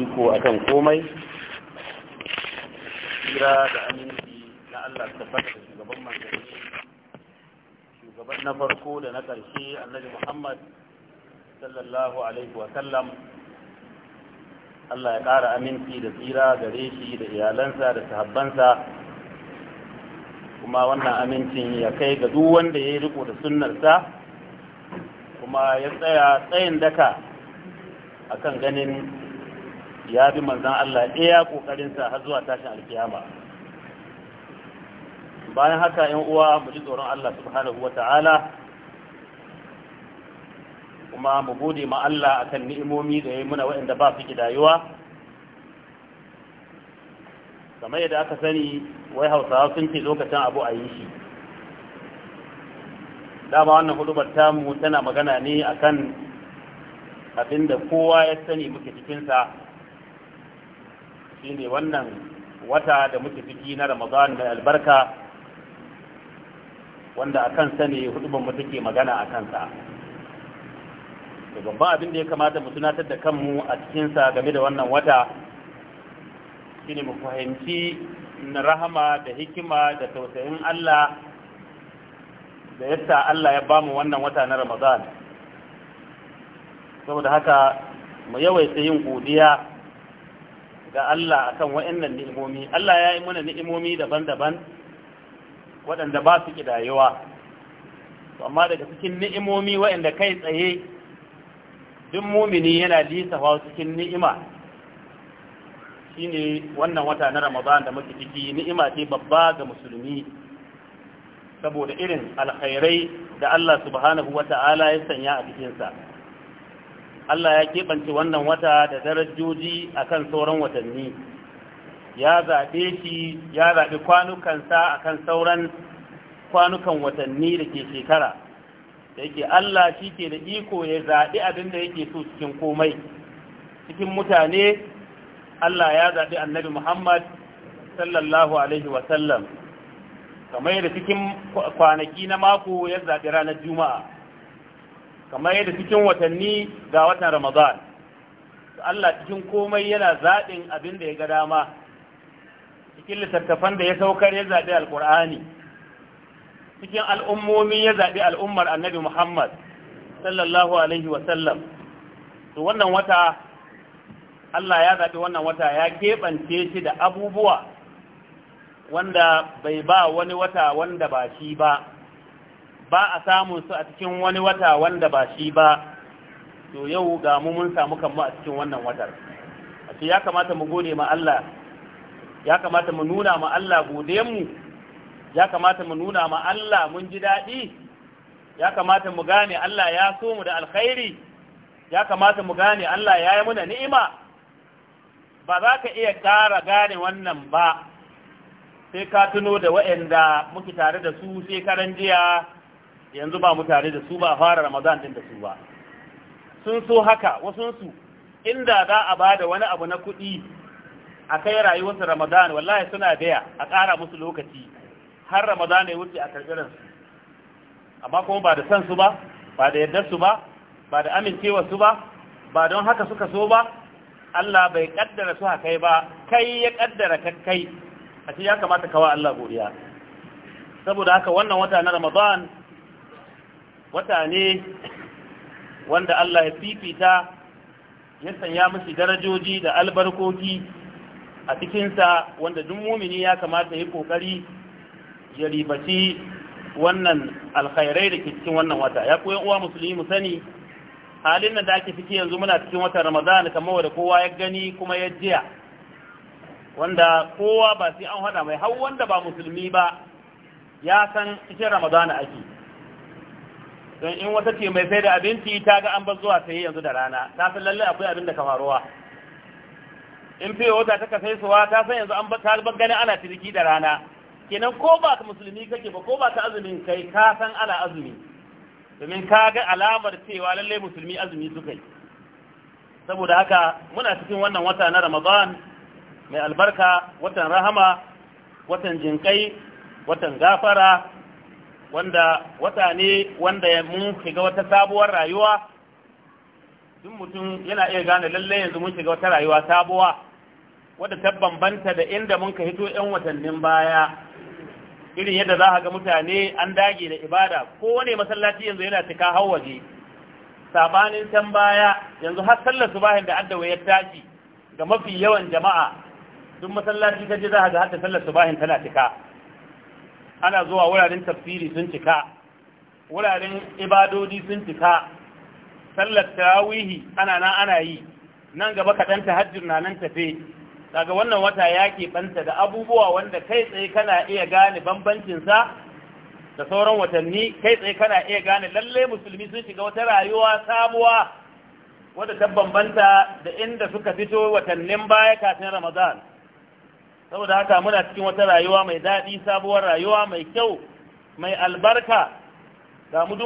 iko akan komai kira da aminci na Allah tabbata shugaban manzanni shugaban na farko da na ƙarshe annabi Muhammad sallallahu alaihi wa sallam Allah ya ƙara aminci da tsira gare shi da iyalansa da sahabbansa kuma wannan amincin ya kai ga duk wanda ya yi riko da sunnarsa kuma ya tsaya tsayin daka akan ganin ya bi manzan Allah ɗaya ƙoƙarinsa har zuwa tashin alkiyama bayan haka yan uwa mu ji tsoron Allah subhanahu wata'ala kuma mu gode ma Allah akan ni'imomi da ya muna waɗanda ba su kidayuwa kamar yadda aka sani wai hausawa sun ce lokacin abu a yi shi dama wannan hudubar tamu tana magana ne akan abinda kowa ya sani muke cikinsa ne wannan wata da muke ciki na Ramadan mai albarka wanda akan sani ne hudubar take magana akan sa to babban abin da ya kamata mu tunatar da kanmu a cikin sa game da wannan wata shine mu fahimci na rahama da hikima da tausayin Allah da yadda Allah ya bamu wannan wata na Ramadan saboda haka mu yawaita yin godiya ga Allah a akan wa'annan ni'imomi Allah ya yi mana ni'imomi daban-daban waɗanda ba su To amma daga cikin ni'imomi waɗanda kai tsaye duk mumini yana lisafa cikin ni'ima Shi ne wannan wata na Ramadan da muke ciki ni'ima ce babba ga musulmi saboda irin alkhairai da Allah subhanahu wata'ala ya sanya a cikinsa. Allah ya keɓance wannan wata da darajoji kan sauran watanni ya zaɓe shi ya zaɓi kwanukansa akan sauran kwanukan watanni da ke shekara da yake Allah shi ke da iko ya zaɓi abin da yake so cikin komai cikin mutane Allah ya zaɓi annabi Muhammad sallallahu alaihi wasallam kamar da cikin kwanaki na mako ya zaɓi ranar juma'a kamar yadda cikin watanni ga watan ramadan Allah cikin komai yana zaɓin abin da ya ga dama cikin littattafan da ya saukar ya zaɓi alƙur'ani cikin al'ummomi ya zaɓi al'ummar annabi muhammad sallallahu alaihi wasallam to wannan wata Allah ya zaɓi wannan wata ya keɓance shi da abubuwa wanda bai ba wani wata wanda ba shi ba ba a samun su a cikin wani wata wanda ba shi ba to yau ga mu mun samu kanmu a cikin wannan watar a ce ya kamata mu gode ma Allah ya kamata mu nuna ma Allah mu ya kamata mu nuna ma Allah mun ji daɗi ya kamata mu gane Allah ya so mu da alkhairi ya kamata mu gane Allah ya yi muna ni'ima ba za ka iya ƙara gane wannan ba sai ka tuno da waɗanda muke tare da su sai karan jiya yanzu ba mu tare da su ba fara ramadan din da su ba sun so haka wasunsu inda za a ba da wani abu na kuɗi a kai rayuwarsu ramadan wallahi suna daya a ƙara musu lokaci har ramadan ya wuce a karɓiransu amma kuma ba da san su ba ba da yardar su ba ba da amincewa su ba ba don haka suka so ba Allah bai kaddara su haka ba kai ya kaddara kai a ce ya kamata kawa Allah godiya saboda haka wannan wata na ramadan wata ne wanda Allah ya fifita ya sanya mashi darajoji da albarkoki a cikinsa wanda duk mumini ya kamata ya kokari ya ribaci wannan alkhairai da ke cikin wannan wata ya koyan uwa musulmi mu sani halin da ake ciki yanzu muna cikin watan ramadan kamar wanda kowa ya gani kuma ya jiya wanda kowa ba sai an hada mai har wanda ba musulmi ba ya san cikin ramadan ake don in wata ce mai sai da abinci ta ga an bar zuwa sai yanzu da rana ta san lalle akwai abin da kamaruwa in fiye wata ta kasai suwa ta san yanzu an ta ganin ana ciniki da rana kenan ko ba ka musulmi kake ba ko ba ta azumin kai ka san ana azumi domin ka ga alamar cewa lalle musulmi azumi suka yi saboda haka muna cikin wannan wata na ramadan mai albarka watan rahama watan jinkai watan gafara wanda wata ne wanda mun shiga wata sabuwar rayuwa duk mutum yana iya gane lalle yanzu mun shiga wata rayuwa sabuwa wadda ta bambanta da inda mun ka hito 'yan watannin baya irin yadda za a ga mutane an dage da ibada kowane masallaci yanzu yana cika hawaje sabanin can baya yanzu har sallar subahin da addawa ya tashi ga mafi yawan jama'a duk masallaci ta je za a ga har sallar subahin tana cika ana zuwa wuraren tafsiri sun cika wuraren ibadodi sun cika sallar tarawihi ana nan ana yi nan gaba kaɗan tahajjud na nan tafe daga wannan wata ya banta da abubuwa wanda kai tsaye kana iya gane bambancinsa da sauran watanni kai tsaye kana iya gane lallai musulmi sun shiga wata rayuwa sabuwa wadda ta bambanta da inda suka fito watannin baya kafin ramadan saboda haka muna cikin wata rayuwa mai daɗi sabuwar rayuwa mai kyau mai albarka ga mu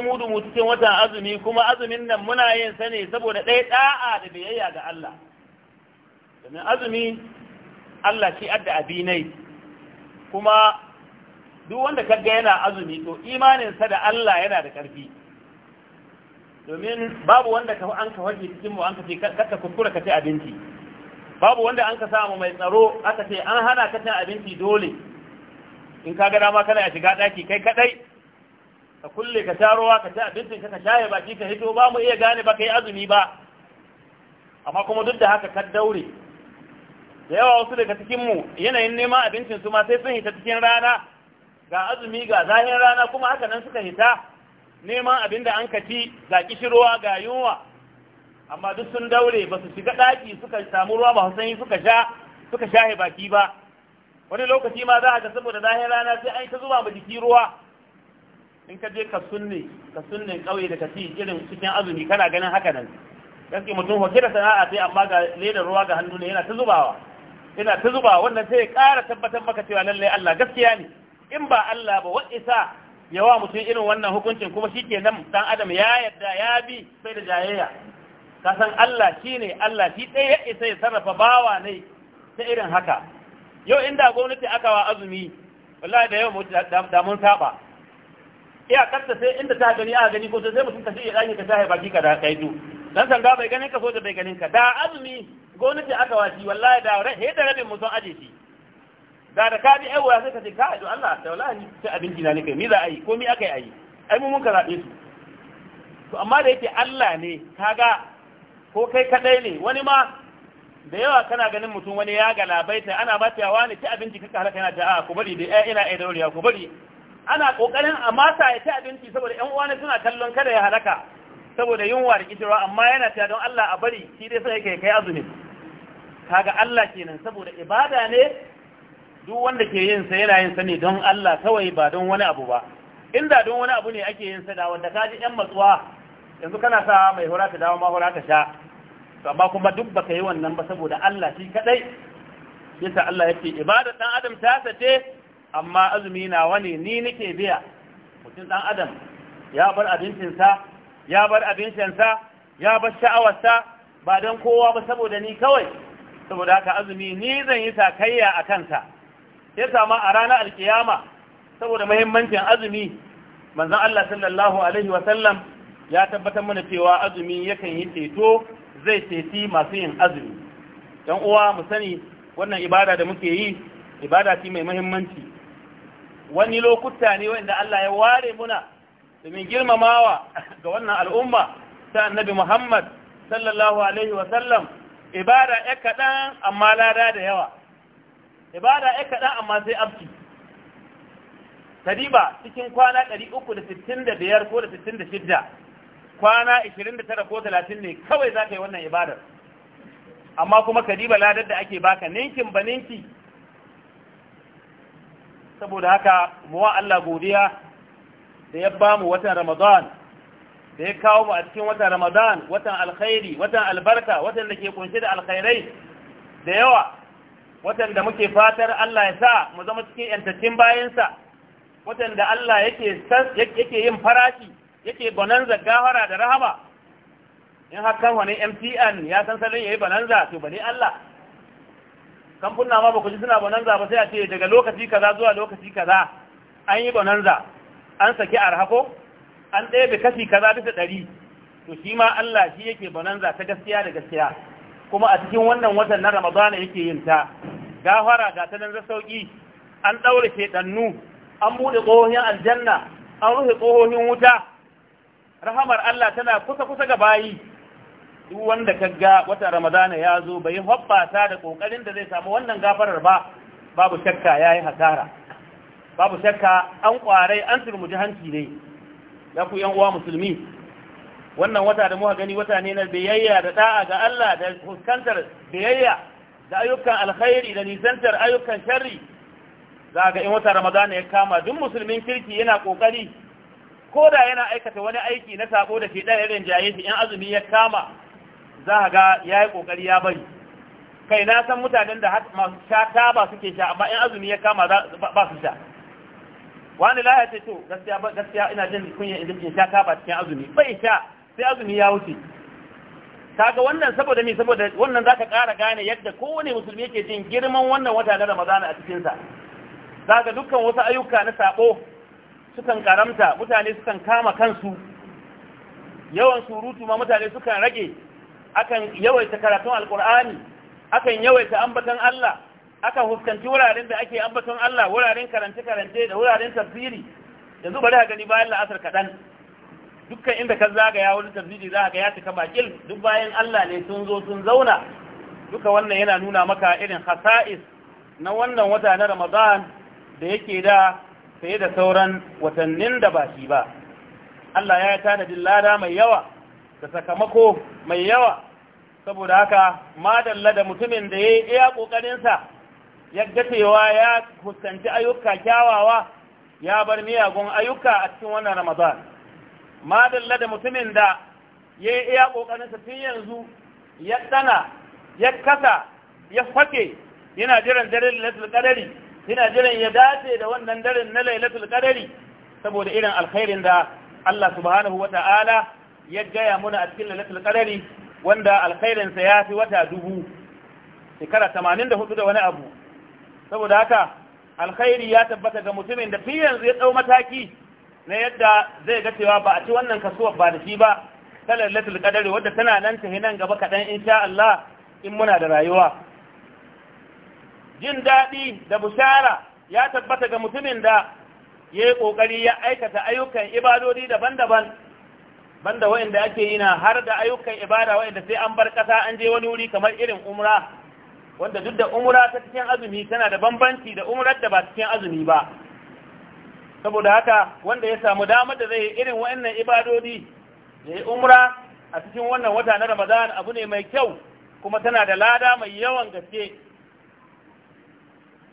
cikin watan azumi kuma azumin nan muna yin sa ne saboda ɗaya ɗa'a da biyayya ga Allah domin azumi Allah shi adda abinai kuma duk wanda kaga yana azumi to imaninsa da Allah yana da ƙarfi domin babu wanda ka an ka waje cikin mu an ka ce kakka kuskura ka ci abinci babu wanda an ka samu mai tsaro aka ce an hana ka cin abinci dole in ka ga dama kana ya shiga daki kai kadai ka kulle ka sha ruwa ka ci abincin ka ka shaye baki ka hito ba mu iya gane ba kai azumi ba amma kuma duk da haka ka daure da yawa wasu daga cikin mu yanayin neman abincin su ma sai sun hita cikin rana ga azumi ga zahin rana kuma haka nan suka hita neman abin da an ka ci ga kishirwa ga yunwa amma duk sun daure ba su shiga daki suka samu ruwa ba sanyi suka sha suka shahe baki ba wani lokaci ma za a ga saboda zahir rana sai an ta zuba ma jiki ruwa in ka je ka sunne ka sunne kauye da ka ci irin cikin azumi kana ganin haka nan gaske mutum hoke da sana'a sai amma ga leda ruwa ga hannu ne yana ta zubawa yana ta zubawa wannan sai ya ƙara tabbatar maka cewa lallai Allah gaskiya ne in ba Allah ba wa'isa yawa mutum irin wannan hukuncin kuma shi ke nan dan adam ya yarda ya bi sai da jayayya ka san Allah shi ne Allah shi ɗaya ya isa ya sarrafa bawa ne ta irin haka yau inda gwamnati aka wa azumi wallahi da yau mu da mun saba iya karta sai inda ta gani a gani ko sai mutum ka shi ya dani ka shahe baki ka da kai du dan sanga bai ganin ka so da bai ganin ka da azumi gwamnati aka wa shi. wallahi da he da rabin mu son aje shi da da ka bi aiwa sai ka ce ka ajo Allah ta wallahi sai abinci na kai mi za a yi ko mi aka yi ai mu mun ka zabe su to amma da yake Allah ne kaga ko kai kadai ne wani ma da yawa kana ganin mutum wani ya galabaita ana yawa ne ta abinci kaka halaka yana ta'a ah, ku bari da eh, ina ai daurewa ku bari ana kokarin a mata ya ta abinci saboda yan uwana suna kallon kada ya halaka saboda yunwa da kitirwa amma yana ta don Allah a bari shi dai sai yake kai azumi kaga Allah kenan saboda ibada ne duk wanda ke yin sa yana yin sa ne don Allah kawai ba don wani abu ba inda don wani abu ne ake yin sa da wanda kaji yan matsuwa yanzu kana sa mai hura ka dawo ma hura ka sha to amma kuma duk baka yi wannan ba saboda Allah shi kadai yasa Allah yake ibadar dan adam ta sace amma azumi na wani ni nake biya mutum dan adam ya bar abincinsa ya bar abincinsa ya bar sha'awarsa ba dan kowa ba saboda ni kawai saboda haka azumi ni zan yi takayya a kansa yasa ma a ranar alkiyama saboda muhimmancin azumi manzon Allah sallallahu alaihi wa sallam ya tabbatar mana cewa azumi yakan yi ceto zai ceti masu yin azumi dan uwa mu sani wannan ibada da muke yi ibada ce mai muhimmanci wani lokuta ne wanda Allah ya ware muna domin girmamawa ga wannan al'umma ta annabi Muhammad sallallahu alaihi wa sallam ibada ya kaɗan amma lada da yawa ibada ya kaɗan amma sai abki kadiba cikin kwana 365 ko da 66 kwana 29 ko 30 ne kawai za ka yi wannan ibadar amma kuma ka diba ladar da ake baka ninkin ba ninki saboda haka muwa Allah godiya da ya ba mu watan Ramadan da ya kawo mu a cikin watan Ramadan watan alkhairi watan albarka watan da ke kunshe da alkhairai da yawa watan da muke fatar Allah ya sa mu zama cikin 'yantaccen bayansa watan da Allah yake yake yin farashi yake bonanza gafara da rahama in hakan wani mtn ya san salon ya yi bonanza to bane allah kamfuna ma ba ku ji suna bananza ba sai a ce daga lokaci kaza zuwa lokaci kaza an yi bonanza an saki ko an ɗaya kashi kaza bisa ɗari to shi ma allah shi yake bananza ta gaskiya da gaskiya kuma a cikin wannan watan na ramadana yake yin ta gafara ga ta nan za sauki an ɗaure shedannu an buɗe tsohon aljanna an rufe tsohon wuta rahamar Allah tana kusa kusa ga bayi duk wanda ga wata ramadana ya zo bai hobbata da kokarin da zai samu wannan gafarar ba babu shakka yayi hasara babu shakka an kwarai an turmuji hanci ne ya ku yan uwa musulmi wannan wata da muka gani wata ne na biyayya da da'a ga Allah da fuskantar biyayya da ayyukan alkhairi da nisantar ayyukan sharri za ga in wata ramadana ya kama duk musulmin kirki yana kokari ko da yana aikata wani aiki na sabo da ke irin jaye shi in azumi ya kama za ga yi kokari ya bari kai na san mutanen da masu sha taba suke sha amma in azumi ya kama ba su sha wani la ce to gaskiya ina jin kunya in jikin sha taba cikin azumi bai sha sai azumi ya wuce ga wannan saboda me saboda wannan za ka ƙara gane yadda kowane musulmi yake jin girman wannan wata na Ramadan a cikinsa. za zaka dukkan wasu ayyuka na sabo. sukan karamta mutane sukan kama kansu yawan surutu ma mutane sukan rage akan yawaita karatun alkur'ani akan yawaita ambaton Allah aka huskanci wuraren da ake ambatan Allah wuraren karance-karance da wuraren tafsiri yanzu bari ha gani bayan la'asar kaɗan dukkan inda ka zagaya wani tafsiri za ga ya cika bakil duk bayan Allah ne sun zo sun zauna duka wannan yana nuna maka irin hasa'is na wannan wata na Ramadan da yake da Sai da sauran watannin da ba shi ba Allah ya yi tanadin lada mai yawa da sakamako mai yawa saboda haka madalla da mutumin da ya yi iya ƙoƙarinsa ya cewa ya fuskanci ayyuka kyawawa ya bar miyagun ayyuka a cikin wannan ramadan madalla da mutumin da ya yi iya ƙoƙarinsa tun yanzu ya tsana ya kasa ya fake yana jiran dalilin da lasar ƙadari ina jiran ya dace da wannan daren na lailatul qadari saboda irin alkhairin da Allah subhanahu wata'ala ya gaya muna a cikin lailatul qadari wanda alkhairin sa yafi wata dubu shekara 84 da wani abu saboda haka alkhairi ya tabbata ga mutumin da fi yanzu ya dau mataki na yadda zai ga cewa ba a ci wannan kasuwar ba da shi ba ta lailatul qadari wadda tana nan ta nan gaba kadan insha Allah in muna da rayuwa jin daɗi da bushara ya tabbata ga mutumin da ya yi ƙoƙari ya aikata ayyukan ibadodi daban-daban banda wa'inda ake yi na har da ayyukan ibada wa'inda sai an bar ƙasa an je wani wuri kamar irin umra wanda duk da umra ta cikin azumi tana da bambanci da umrar da ba cikin azumi ba saboda haka wanda ya samu damar da zai yi irin wa'annan ibadodi ya yi umra a cikin wannan wata na ramadan abu ne mai kyau kuma tana da lada mai yawan gaske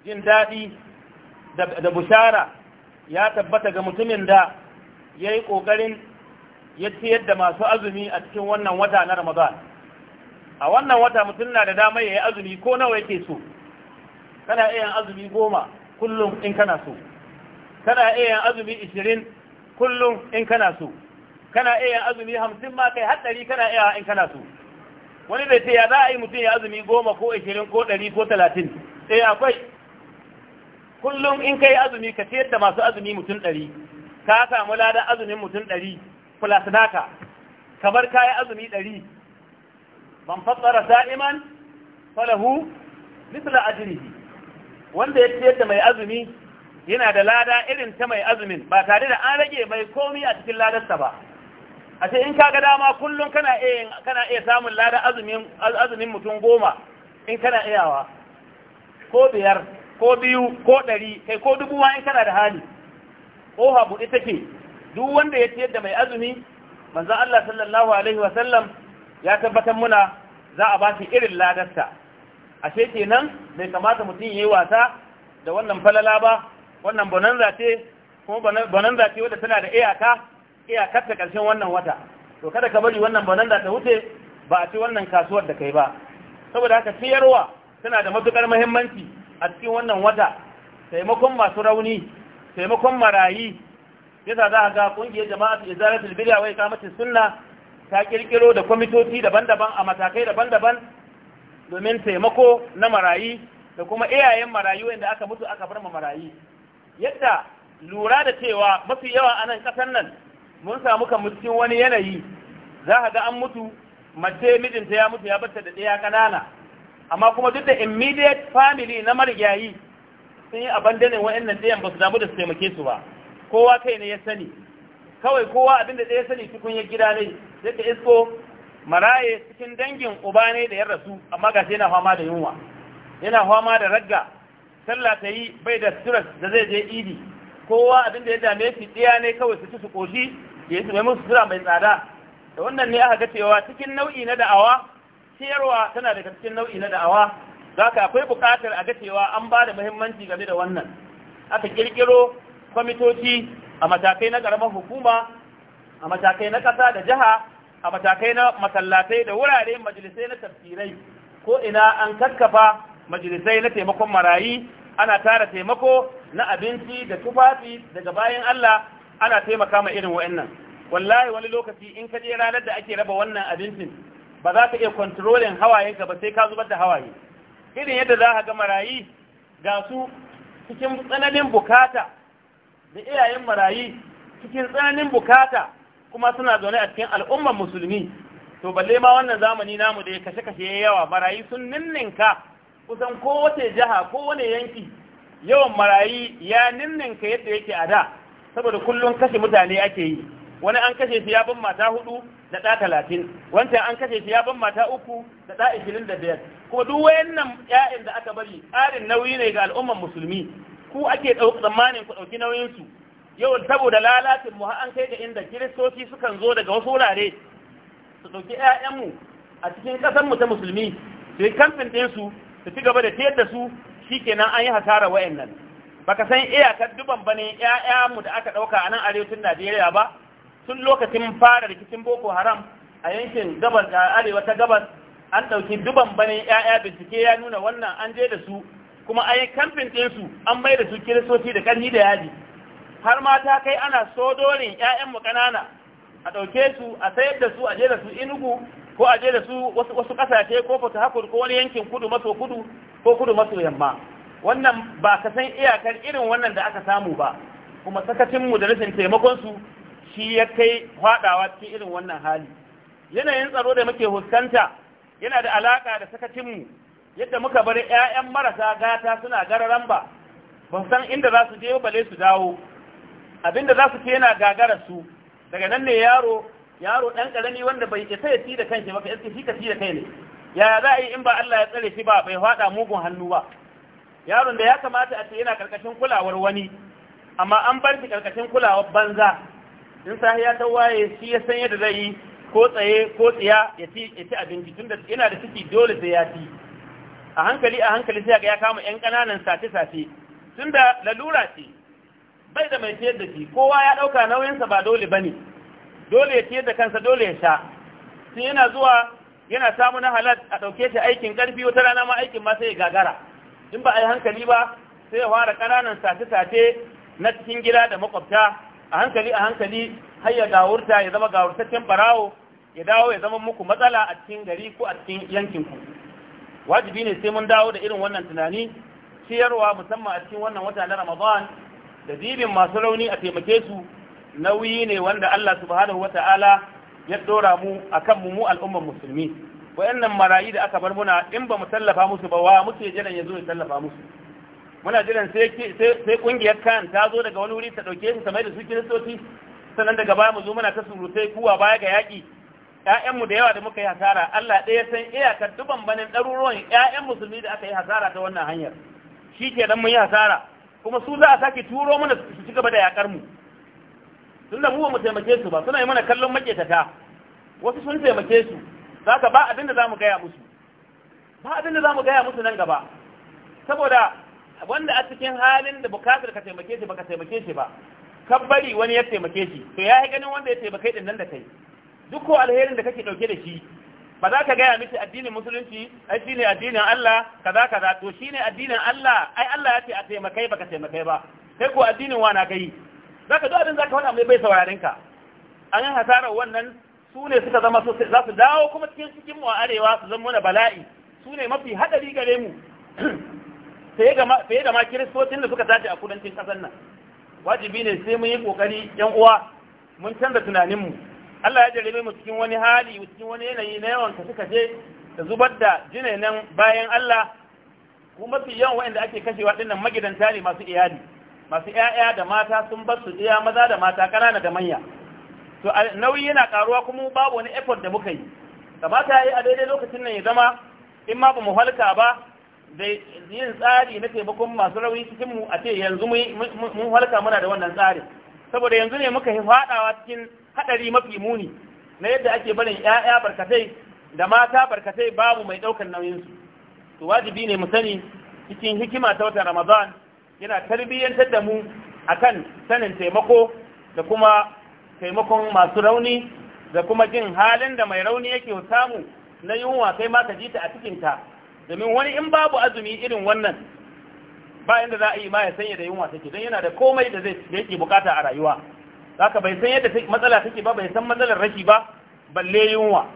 jin daɗi da bushara ya tabbata ga mutumin da ya yi ƙoƙarin ya ciyar da masu azumi a cikin wannan wata na Ramadan. A wannan wata mutum na da damar ya yi azumi ko nawa yake so, kana iya azumi goma kullum in kana so, kana iya azumi ishirin kullum in kana so, kana iya azumi hamsin ma kai haɗari kana iya in kana so. Wani bai ce ya za a yi mutum ya azumi goma ko ishirin ko ɗari ko talatin, sai eh, akwai kullum in ka yi azumi ka ciyar da masu azumi mutum ɗari ka samu lada azumin mutum ɗari plus kamar ka yi azumi ɗari man fassara sa'iman falahu misla ajrihi wanda ya ciyar da mai azumi yana da lada irin ta mai azumin ba tare da an rage mai komi a cikin ladarsa ba a ce in ka ga dama kullum kana iya samun ladan azumin azumin mutum goma in kana iyawa ko biyar ko biyu ko ɗari kai ko dubu wa'in kana da hali ƙofa buɗe take duk wanda ya ciyar da mai azumi manzon Allah sallallahu alaihi wa ya tabbatar muna za a ba shi irin ladarsa ashe kenan bai kamata mutum ya yi wasa da wannan falala ba wannan bonan ce kuma bonan ce wadda tana da iyaka iyakar ta ƙarshen wannan wata to kada ka bari wannan bonan ta wuce ba a ci wannan kasuwar da kai ba saboda haka siyarwa tana da matukar muhimmanci a cikin wannan wata taimakon masu rauni taimakon marayi yasa za a ga kungiyar su izalatul bid'a wai kamatin sunna ta kirkiro da kwamitoci daban-daban a matakai daban-daban domin taimako na marayi da kuma iyayen marayu wanda aka mutu aka bar ma marayi yadda lura da cewa mafi yawa a nan ƙasar nan mun samu kan cikin wani yanayi za a ga an mutu mace mijinta ya mutu ya bata da ɗaya ƙanana amma kuma duk da immediate family na marigayi sun yi abandonin wa'annan ɗayan ba su damu da su taimake su ba kowa kai ne ya sani kawai kowa abin da ya sani cikin ya gida ne da isko maraye cikin dangin uba ne da ya rasu amma ga yana fama da yunwa yana fama da ragga sallah ta yi bai da stress da zai je idi kowa abin da ya dame shi ɗaya ne kawai su ci su koshi ya yi su mai musu sura mai tsada da wannan ne aka ga cewa cikin nau'i na da'awa ciyarwa tana daga cikin nau'i na da'awa za ka akwai bukatar a gacewa an ba da muhimmanci game da wannan aka kirkiro kwamitoci a matakai na ƙaramin hukuma a matakai na ƙasa da jiha a matakai na masallatai da wurare majalisai na tafsirai ko ina an kakkafa majalisai na taimakon marayi ana tara taimako na abinci da tufafi daga bayan Allah ana taimaka ma irin wa'annan wallahi wani lokaci in ka je ranar da ake raba wannan abincin ba za ka iya kontrolin hawayenka ba sai ka zubar da hawaye irin yadda za ka ga marayi ga su cikin tsananin bukata da iyayen marayi cikin tsananin bukata kuma suna zaune a cikin al'ummar musulmi to balle ma wannan zamani namu da ya kashe-kashe ya yawa marayi sun ninninka kusan kowace jiha kowane yanki yawan marayi ya ninninka yadda yake a da saboda kullum kashe mutane ake yi wani an kashe shi ya mata hudu da ɗa talatin wancan an kashe shi ya mata uku da ɗa ishirin da biyar kuma duk wayannan ƴaƴan da aka bari tsarin nauyi ne ga al'ummar musulmi ku ake tsammanin ku ɗauki nauyinsu yau saboda lalacin mu an kai ga inda kiristoci sukan zo daga wasu wurare su ɗauki ƴaƴanmu a cikin ƙasar mu ta musulmi su yi kamfin ɗinsu su ci gaba da ciyar da su shi shikenan an yi hasara wayannan baka san iyakar duban bane ƴaƴa mu da aka ɗauka a nan arewacin Najeriya ba tun lokacin fara rikicin boko haram a yankin gabas a arewa ta gabas an ɗauki duban banin ya'ya bincike ya nuna wannan an je da su kuma a yi kamfin ɗinsu an mai da su kiristoci da ƙarni da yaji har ma ta kai ana so dorin mu ƙanana a ɗauke su a sayar da su a je da su inugu ko a je da su wasu ƙasashe ko fata hakur ko wani yankin kudu maso kudu ko kudu maso yamma wannan ba ka san iyakar irin wannan da aka samu ba kuma sakacinmu da rashin su shi ya kai fadawa cikin irin wannan hali yanayin tsaro da muke huskanta yana da alaka da sakacinmu yadda muka bar 'ya'yan marasa gata suna gararan ba ba san inda za su je bale su dawo abinda za su ce yana gagara su daga nan ne yaro yaro ɗan ƙarami wanda bai isa ya da kanshi ba ka shi ka ci da kai ne yaya za a yi in ba Allah ya tsare shi ba bai fada mugun hannu ba yaron da ya kamata a ce yana karkashin kulawar wani amma an bar shi ƙarƙashin kulawar banza in ya ta waye shi ya san yadda zai yi ko tsaye ko tsiya ya ci ya ci abinci tunda yana da ciki dole sai ya ci a hankali a hankali sai ga ya kama yan kananan sace sace tunda lalura ce bai da mai ciyar da shi kowa ya dauka nauyin sa ba dole bane dole ya ciyar da kansa dole ya sha sun yana zuwa yana samu na halal a dauke shi aikin karfi wata rana ma aikin ma sai ya gagara in ba a yi hankali ba sai ya fara kananan sace sace na cikin gida da makwabta a hankali a hankali har ya gawurta ya zama gawurtaccen barawo ya dawo ya zama muku matsala a cikin gari ko a cikin yankin ku wajibi ne sai mun dawo da irin wannan tunani ciyarwa musamman a cikin wannan wata na Ramadan da dibin masu rauni a taimake su nauyi ne wanda Allah subhanahu ta'ala ya dora mu a mu mu al'ummar musulmi wayannan marayi da aka bar muna in ba mu tallafa musu ba wa muke jiran zo ya tallafa musu muna jiran sai kungiyar kan ta zo daga wani wuri ta dauke su kamar da su kiristoci sannan daga baya mu zo muna ta surutai kuwa baya ga yaki. ƴaƴanmu da yawa da muka yi hasara Allah ɗaya san iyakar duban banin ɗaruruwan ƴaƴan musulmi da aka yi hasara ta wannan hanyar shi ke dan mun yi hasara kuma su za a sake turo mana su ci gaba da yakar mu tunda mu ba mu taimake su ba suna yi mana kallon maƙetata wasu sun taimake su zaka ba abin da za mu gaya musu ba abin da za mu gaya musu nan gaba saboda wanda a cikin halin da bukatar ka taimake shi baka taimake shi ba kabbari wani ya taimake shi to ya yi ganin wanda ya taimake din nan da kai duk ko alherin da kake dauke da shi ba za ka gaya miki addinin musulunci ai ne addinin Allah kaza kaza to ne addinin Allah ai Allah ya ce a taimakai baka taimakai ba kai ko addinin wa na kai zaka duk abin zaka wani mai bai saurarin ka an yi hasarar wannan su ne suka zama su za su dawo kuma cikin cikin mu a arewa su zama mana bala'i su ne mafi hadari gare mu fiye da ma kiristocin da suka tashi a kudancin ƙasar nan wajibi ne sai mun yi ƙoƙari yan uwa mun canza tunaninmu Allah ya jarrabe mu cikin wani hali cikin wani yanayi na yawan suka kashe da zubar da jinainan bayan Allah kuma mafi yawan waɗanda ake kashewa ɗinnan magidanta ne masu iyali masu ‘ya'ya da mata sun bar su iya maza da mata ƙanana da manya to nauyi yana karuwa kuma babu wani effort da muka yi kamata ya yi a daidai lokacin nan ya zama in ma ba mu halka ba yin tsari na taimakon masu rauni cikin mu a ce yanzu mun halka muna da wannan tsari saboda yanzu ne muka faɗawa cikin haɗari mafi muni na yadda ake barin 'ya'ya barkatai da mata barkatai babu mai ɗaukar nauyinsu to wajibi ne mu sani cikin hikima ta watan ramadan yana tarbiyyantar da mu akan sanin taimako da kuma taimakon masu rauni da kuma jin halin da mai rauni yake samu na yunwa kai ma ka ji ta a cikin cikinta domin wani in babu azumi irin wannan ba inda za a yi ma ya sanya da yunwa take don yana da komai da zai da yake bukata a rayuwa za ka bai san yadda matsala take ba bai san matsalar rashi ba balle yunwa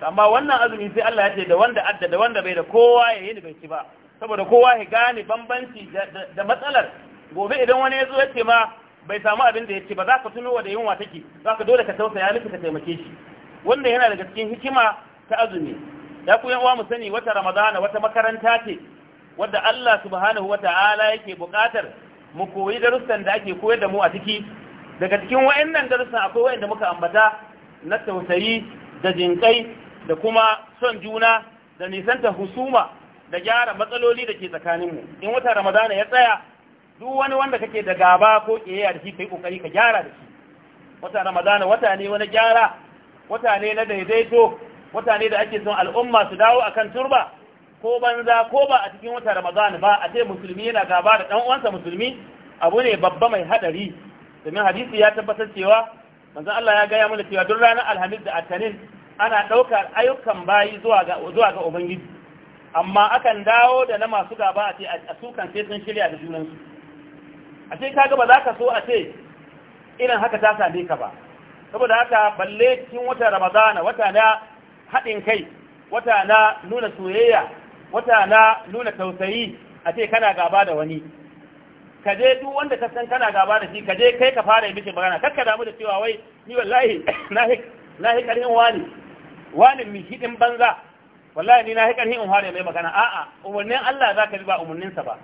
amma wannan azumi sai Allah ya ce da wanda adda da wanda bai da kowa ya yi bai ci ba saboda kowa ya gane bambanci da matsalar gobe idan wani ya zo ya ce ma bai samu abin da ya ci ba za ka tuno da yunwa take za ka dole ka tausaya miki ka taimake shi wanda yana daga cikin hikima ta azumi da ku yan mu sani wata ramadana wata makaranta ce wadda Allah subhanahu wata'ala yake buƙatar mu koyi darussan da ake koyar da mu a ciki daga cikin wa'annan darussan akwai wa'anda muka ambata na tausayi da jinkai da kuma son juna da nisanta husuma da gyara matsaloli da ke tsakanin mu in wata ramadana ya tsaya duk wani wanda kake da gaba ko kiyaya da shi kai kokari ka gyara da shi wata ramadana wata ne wani gyara wata ne na daidaito mutane da ake son al'umma su dawo a kan turba ko banza ko ba a cikin wata ramadan ba a ce musulmi yana gaba da dan uwansa musulmi abu ne babba mai haɗari. domin hadisi ya tabbatar cewa manzo Allah ya gaya mana cewa duk ranar alhamis da altanin ana ɗaukar ayyukan bayi zuwa ga ubangiji amma akan dawo da na masu gaba a ce a sukan sai sun shirya da junansu a ce kaga ba za ka so a ce irin haka ta same ka ba saboda haka balle cikin wata ramadana wata na haɗin kai wata na nuna soyayya wata na nuna tausayi a ce kana gaba da wani ka je duk wanda ka san kana gaba da shi ka je kai ka fara mishi magana kakka damu da cewa wai ni wallahi na hi karhin wani wani mi hidin banza wallahi ni na hi karhin in fara mai magana a'a umarnin Allah za ka bi ba umarninsa ba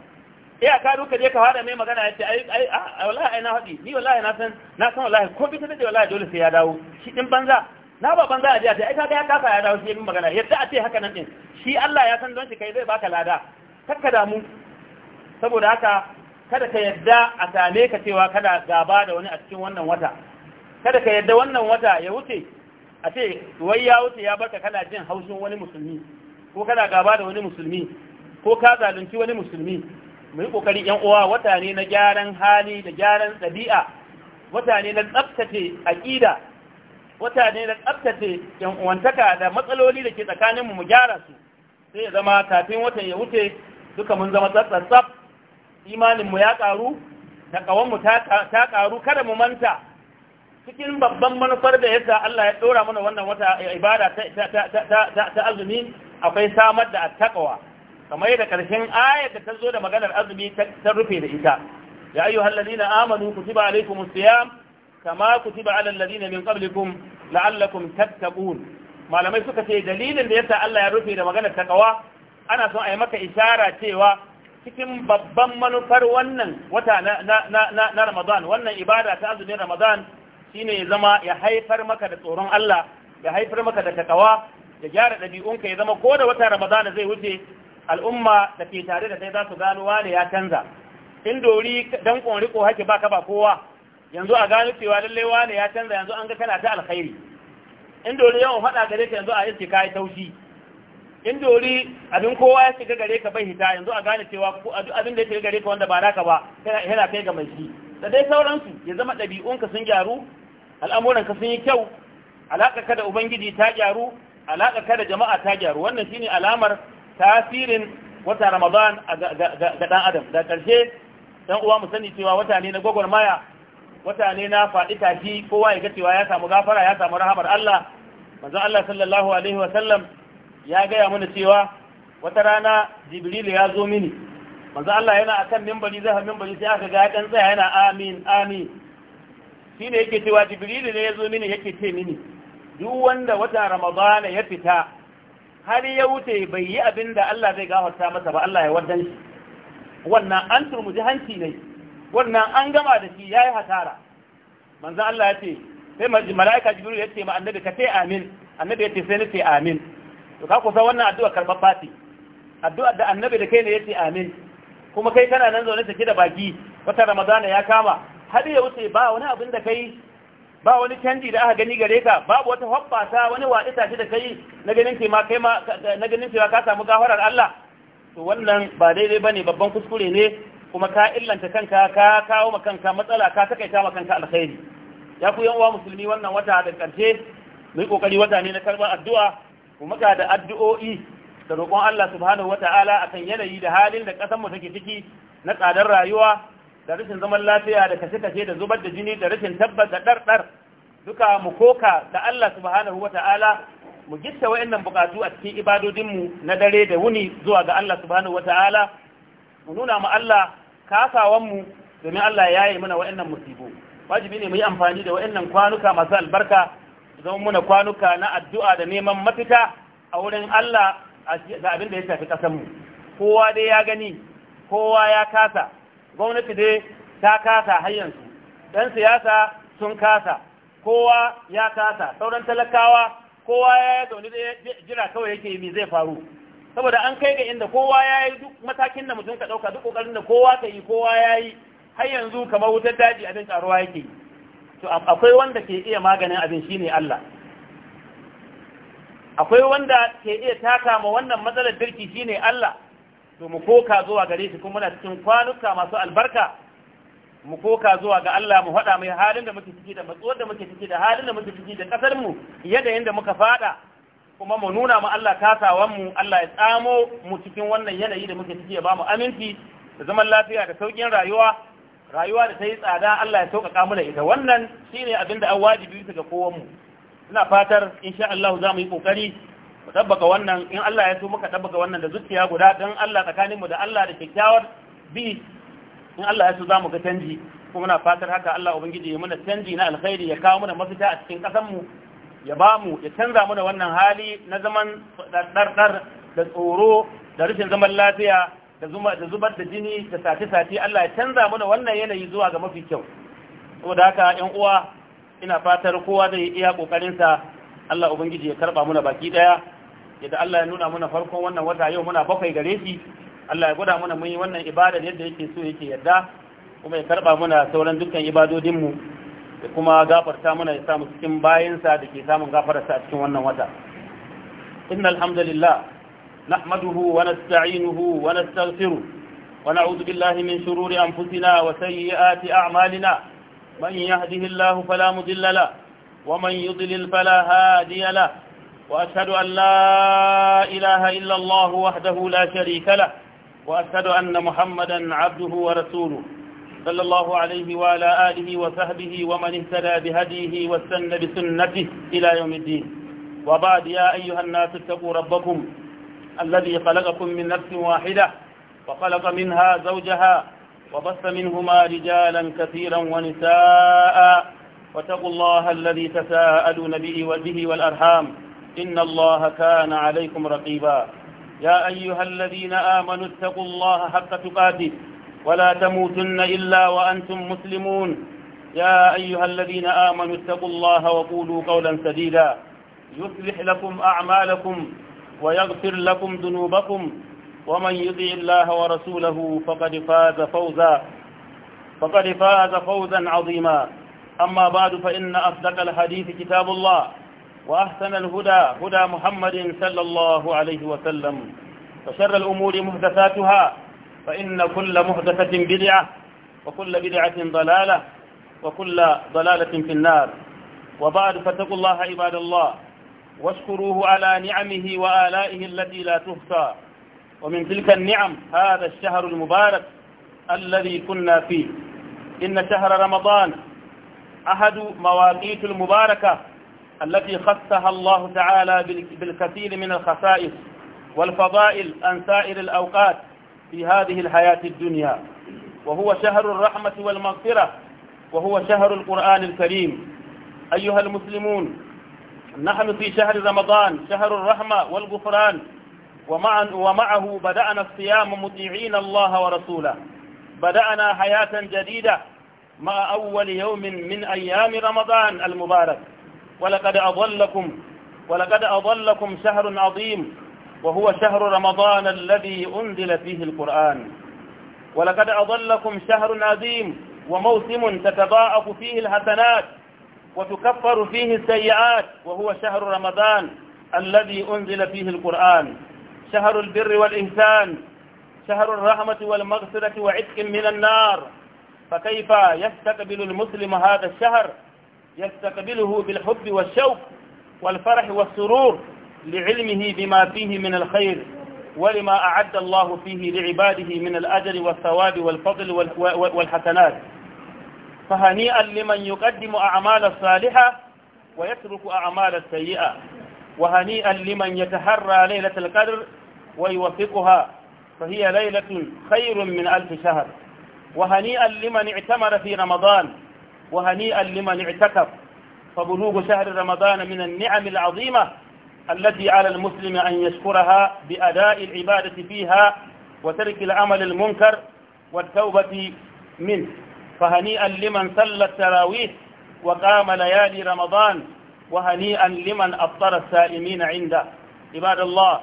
eh ka duka je ka fara mai magana yace ai ai wallahi ai na haɗi, ni wallahi na san na san wallahi ko bi ta da wallahi dole sai ya dawo hidin banza na baban za a ji a ce aika ya kasa ya dawo shi magana yadda a ce haka nan ɗin shi Allah ya san don shi kai zai baka lada kakka damu saboda haka kada ka yadda a same ka cewa kada gaba da wani a cikin wannan wata kada ka yadda wannan wata ya wuce a ce wai ya wuce ya barka kana jin haushin wani musulmi ko kana gaba da wani musulmi ko ka zalunci wani musulmi mu yi kokari yan uwa wata ne na gyaran hali da gyaran ɗabi'a wata ne na tsaftace aƙida wata ne da tsabtace yan uwantaka da matsaloli da ke tsakanin mu gyara su sai ya zama kafin watan ya wuce duka mun zama tsatsatsaf Imaninmu ya karu da mu ta karu kada mu manta cikin babban manufar da yasa Allah ya ɗora mana wannan wata eh, ibada ta azumi akwai samar da attaqwa kamar yadda ƙarshen ayar da ta zo da maganar azumi ta rufe da ita ya ayyuhal ladina amanu kutiba alaykumus siyam kama kutiba alal ladina min qablikum la'allakum tattaqun malamai suka ce dalilin da yasa Allah ya rufe da maganar takawa ana son a yi maka ishara cewa cikin babban manufar wannan wata na Ramadan wannan ibada ta azumin Ramadan shine ya zama ya haifar maka da tsoron Allah ya haifar maka da takawa ya gyara ɗabi'unka ya zama ko da wata Ramadan zai wuce al'umma da ke tare da kai za su gano wane ya canza in dori dan kon riko hake baka ba kowa yanzu a gano cewa lallai ne ya canza yanzu an ga kana ta alkhairi in dori yawan faɗa gare ka yanzu a iske ka yi taushi in dori abin kowa ya shiga gare ka bai hita yanzu a gane cewa abin da ya shiga gare ka wanda ba naka ba yana kai ga mai shi da dai sauransu ya zama ɗabi'unka sun gyaru ka sun yi kyau ka da ubangiji ta gyaru ka da jama'a ta gyaru wannan shine alamar tasirin wata ramadan ga ɗan adam da ƙarshe dan uwa mu sani cewa wata ne na gwagwarmaya mutane na faɗi tafi kowa ya ga cewa ya samu gafara ya samu rahamar Allah manzo Allah sallallahu alaihi wa sallam ya gaya mana cewa wata rana Jibril ya zo mini manzo Allah yana akan minbari zai minbari sai aka ga ya dan tsaya yana amin amin shine yake cewa Jibril ne ya zo mini yake ce mini duk wanda wata Ramadana ya fita har ya wuce bai yi abinda Allah zai gafarta masa ba Allah ya wardan shi wannan an turmuji hanci ne wannan an gama da shi yayi hasara manzo Allah ya ce sai malaika jibril ya ce ma annabi ka ce amin annabi ya ce sai amin to ka kusa wannan addu'a karɓar fati addu'a da annabi da kai ne yace amin kuma kai kana nan zaune take da baki wata ramadana ya kama har ya wuce ba wani abin da kai ba wani canji da aka gani gare ka babu wata hoppasa wani wa'ita shi da kai na ganin ke ma kai ma na ganin ka samu gafarar Allah to wannan ba daidai bane babban kuskure ne kuma ka illanta kanka ka kawo ma kanka matsala ka takaita ma kanka alkhairi ya ku yan uwa musulmi wannan wata da karshe mu kokari wata ne na karban addu'a kuma ga da addu'o'i da roƙon Allah subhanahu wata'ala akan yanayi da halin da ƙasar mu take ciki na tsadar rayuwa da rashin zaman lafiya da kashe-kashe da zubar da jini da rashin tabbas da ɗarɗar duka mu koka da Allah subhanahu wata'ala mu gitta wa'annan bukatu a cikin ibadodinmu na dare da wuni zuwa ga Allah subhanahu wata'ala mu nuna ma Allah kasawanmu domin Allah ya yi mana wa'annan musibu wajibi ne mu yi amfani da wa'annan kwanuka masu albarka zama muna kwanuka na addu'a da neman mafita a wurin Allah da abin da ya shafi mu kowa dai ya gani kowa ya kasa gwamnati dai ta kasa hayyansu ɗan siyasa sun kasa kowa ya kasa sauran talakawa kowa ya zaune da jira kawai yake yi zai faru saboda an kai ga inda kowa ya yi duk matakin da mutum ka ɗauka duk ƙoƙarin da kowa ka yi kowa ya yi har yanzu kamar wutar daji abin ƙaruwa yake yi to akwai wanda ke iya maganin abin shine Allah akwai wanda ke iya taka ma wannan matsalar birki shine Allah to mu koka zuwa gare shi kuma muna cikin kwanuka masu albarka mu koka zuwa ga Allah mu faɗa mai halin da muke ciki da matsuwar da muke ciki da halin da muke ciki da ƙasar mu yadda yanda muka faɗa kuma mu nuna mu Allah mu Allah ya tsamo mu cikin wannan yanayi da muke cike ba mu aminci da zaman lafiya da saukin rayuwa rayuwa da ta yi tsada Allah ya sauƙaƙa mu ita wannan shine abin da an wajibi su ga mu ina fatar insha Allah za mu yi kokari mu tabbaka wannan in Allah ya so muka tabbaka wannan da zuciya guda dan Allah mu da Allah da kyakkyawar bi in Allah ya so za mu ga canji kuma muna fatar haka Allah ubangiji ya muna canji na alkhairi ya kawo muna mafita a cikin mu ya ba mu ya canza mu da wannan hali na zaman ɗarɗar da tsoro da rashin zaman lafiya da zubar da jini da sati-sati Allah ya canza mu da wannan yanayi zuwa ga mafi kyau saboda haka 'yan uwa ina fatar kowa zai iya ƙoƙarinsa. Allah ubangiji ya karba muna baki ɗaya. yadda Allah ya nuna muna farkon wannan wata yau muna bakwai gare shi Allah ya gwada muna mun yi wannan ibada yadda yake so yake yadda kuma ya karba muna sauran dukkan ibadodinmu. da kuma gafarta mana ya samu cikin bayansa da ke samun gafararsa a cikin wannan wata inna alhamdulillah nahmaduhu wa nasta'inuhu wa nastaghfiruh wa na'udhu billahi min shururi anfusina wa sayyiati a'malina man yahdihillahu fala mudilla la wa man yudlil fala hadiya la wa ashhadu an la ilaha illa Allah wahdahu la sharika la wa ashhadu anna Muhammadan 'abduhu wa rasuluhu صلى الله عليه وعلى آله وصحبه ومن اهتدى بهديه واستنى بسنته إلى يوم الدين وبعد يا أيها الناس اتقوا ربكم الذي خلقكم من نفس واحدة وخلق منها زوجها وبث منهما رجالا كثيرا ونساء واتقوا الله الذي تساءلون به وبه والأرحام إن الله كان عليكم رقيبا يا أيها الذين آمنوا اتقوا الله حق تقاته ولا تموتن إلا وأنتم مسلمون يا أيها الذين آمنوا اتقوا الله وقولوا قولا سديدا يصلح لكم أعمالكم ويغفر لكم ذنوبكم ومن يطع الله ورسوله فقد فاز فوزا فقد فاز فوزا عظيما أما بعد فإن أصدق الحديث كتاب الله وأحسن الهدى هدى محمد صلى الله عليه وسلم وشر الأمور محدثاتها فإن كل محدثة بدعة وكل بدعة ضلالة وكل ضلالة في النار وبعد فاتقوا الله عباد الله واشكروه على نعمه وآلائه التي لا تحصى ومن تلك النعم هذا الشهر المبارك الذي كنا فيه إن شهر رمضان أحد مواقيت المباركة التي خصها الله تعالى بالكثير من الخصائص والفضائل عن سائر الأوقات في هذه الحياة الدنيا وهو شهر الرحمة والمغفرة وهو شهر القرآن الكريم أيها المسلمون نحن في شهر رمضان شهر الرحمة والغفران ومع ومعه بدأنا الصيام مطيعين الله ورسوله بدأنا حياة جديدة مع أول يوم من أيام رمضان المبارك ولقد أضلكم ولقد أضلكم شهر عظيم وهو شهر رمضان الذي أنزل فيه القرآن ولقد أضلكم شهر عظيم وموسم تتضاعف فيه الحسنات وتكفر فيه السيئات وهو شهر رمضان الذي أنزل فيه القرآن شهر البر والإنسان شهر الرحمة والمغفرة وعتق من النار فكيف يستقبل المسلم هذا الشهر يستقبله بالحب والشوق والفرح والسرور لعلمه بما فيه من الخير ولما أعد الله فيه لعباده من الأجر والثواب والفضل والحسنات فهنيئا لمن يقدم أعمال الصالحة ويترك أعمال السيئة وهنيئا لمن يتحرى ليلة القدر ويوفقها فهي ليلة خير من ألف شهر وهنيئا لمن اعتمر في رمضان وهنيئا لمن اعتكف فبلوغ شهر رمضان من النعم العظيمة التي على المسلم أن يشكرها بأداء العبادة فيها وترك العمل المنكر والتوبة منه فهنيئا لمن صلى التراويح وقام ليالي رمضان وهنيئا لمن أفطر السائمين عنده عباد الله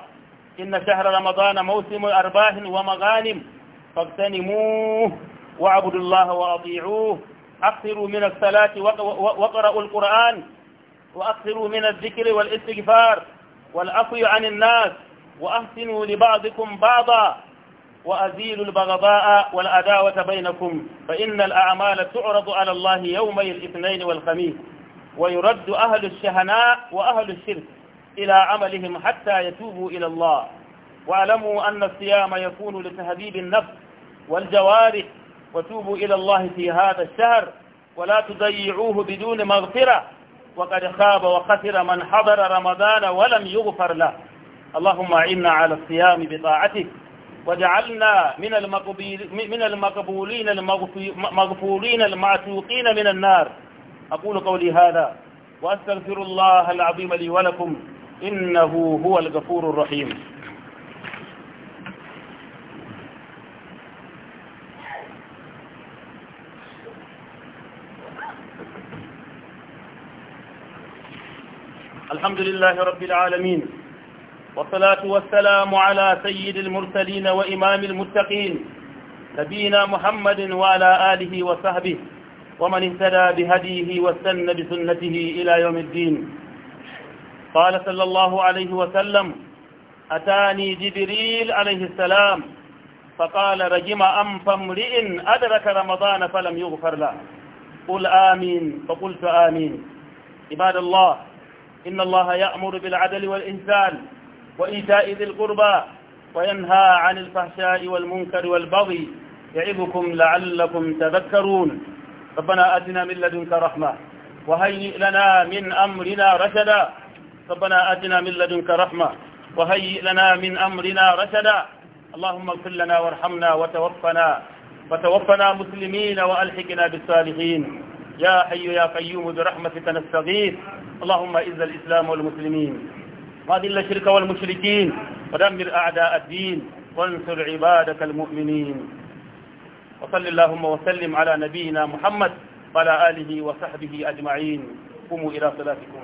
إن شهر رمضان موسم أرباح ومغانم فاغتنموه واعبدوا الله وأطيعوه أكثروا من الصلاة وقرأوا القرآن وأكثروا من الذكر والاستغفار والعفو عن الناس وأحسنوا لبعضكم بعضا وأزيلوا البغضاء والعداوة بينكم فإن الأعمال تعرض على الله يومي الاثنين والخميس ويرد أهل الشهناء وأهل الشرك إلى عملهم حتى يتوبوا إلى الله واعلموا أن الصيام يكون لتهذيب النفس والجوارح وتوبوا إلى الله في هذا الشهر ولا تضيعوه بدون مغفرة وقد خاب وخسر من حضر رمضان ولم يغفر له اللهم أعنا على الصيام بطاعتك وجعلنا من من المقبولين المغفورين المعتوقين من النار أقول قولي هذا وأستغفر الله العظيم لي ولكم إنه هو الغفور الرحيم الحمد لله رب العالمين والصلاة والسلام على سيد المرسلين وإمام المتقين نبينا محمد وعلى آله وصحبه ومن اهتدى بهديه واستنى بسنته إلى يوم الدين قال صلى الله عليه وسلم أتاني جبريل عليه السلام فقال رجم أنف امرئ أدرك رمضان فلم يغفر له قل آمين فقلت آمين عباد الله إن الله يأمر بالعدل والإنسان وإيتاء ذي القربى وينهى عن الفحشاء والمنكر والبغي يعظكم لعلكم تذكرون ربنا آتنا من لدنك رحمة وهيئ لنا من أمرنا رشدا ربنا آتنا من لدنك رحمة وهيئ لنا من أمرنا رشدا اللهم اغفر لنا وارحمنا وتوفنا وتوفنا مسلمين وألحقنا بالصالحين يا حي يا قيوم برحمتك نستغيث اللهم إذ الإسلام والمسلمين وأذل الشرك والمشركين ودمر أعداء الدين وانصر عبادك المؤمنين وصل اللهم وسلم على نبينا محمد وعلى آله وصحبه أجمعين قوموا إلى صلاتكم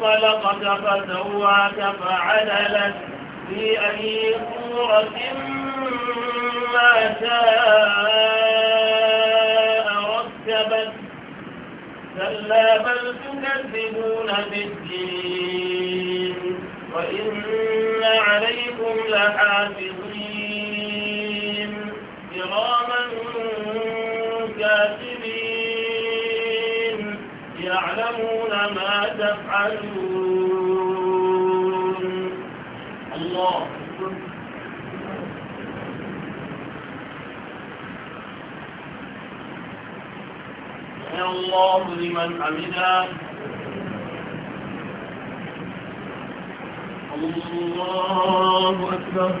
خلقك فسواك فعدلك في أي صورة ما شاء ركبك كلا بل تكذبون بالدين وإن عليكم لحافظ يعلمون ما تفعلون الله يا الله لمن حمده الله أكبر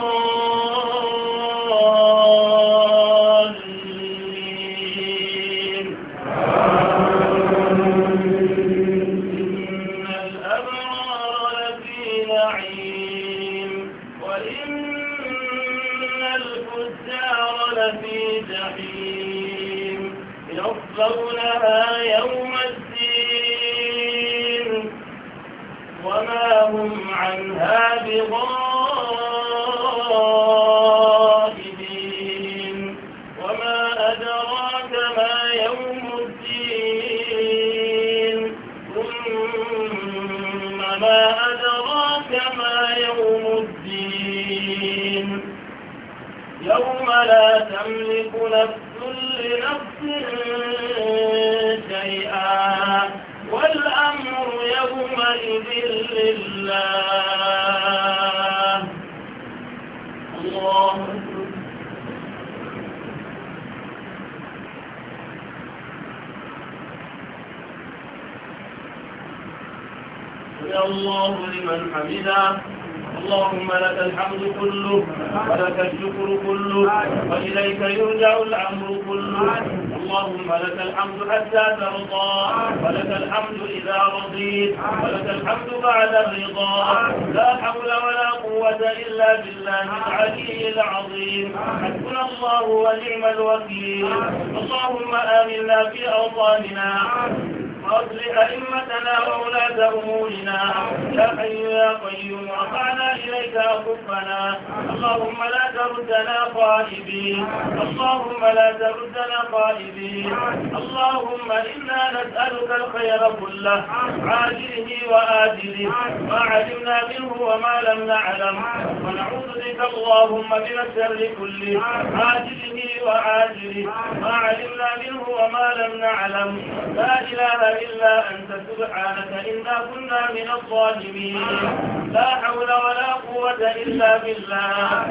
wọn. الله لمن حمده اللهم لك الحمد كله ولك الشكر كله وإليك يرجع الأمر كله اللهم لك الحمد حتى ترضى ولك الحمد إذا رضيت ولك الحمد بعد الرضا لا حول ولا قوة إلا بالله العلي العظيم حسبنا الله ونعم الوكيل اللهم آمنا في أوطاننا واغفر أئمتنا وولاة أمورنا يا حي يا قيوم رفعنا إليك أكفنا اللهم لا تردنا خائبين اللهم لا تردنا خائبين اللهم إنا نسألك الخير كله عاجله وآجله ما علمنا منه وما لم نعلم ونعوذ بك اللهم من الشر كله عاجله وآجله ما علمنا منه وما لم نعلم لا إله إلا إلا أنت سبحانك إنا كنا من الظالمين لا حول ولا قوة إلا بالله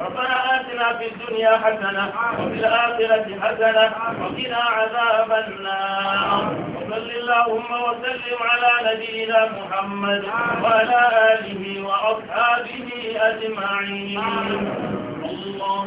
ربنا آتنا في الدنيا حسنة وفي الآخرة حسنة وقنا عذاب النار وصل اللهم وسلم على نبينا محمد وعلى آله وأصحابه أجمعين الله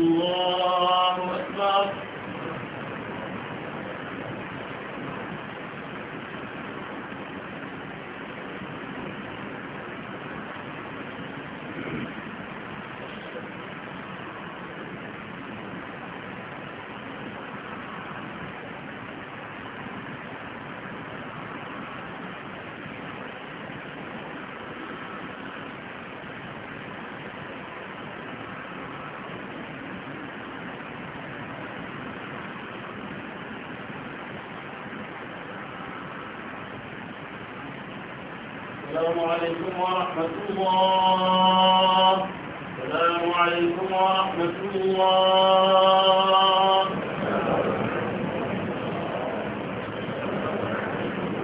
很舒服。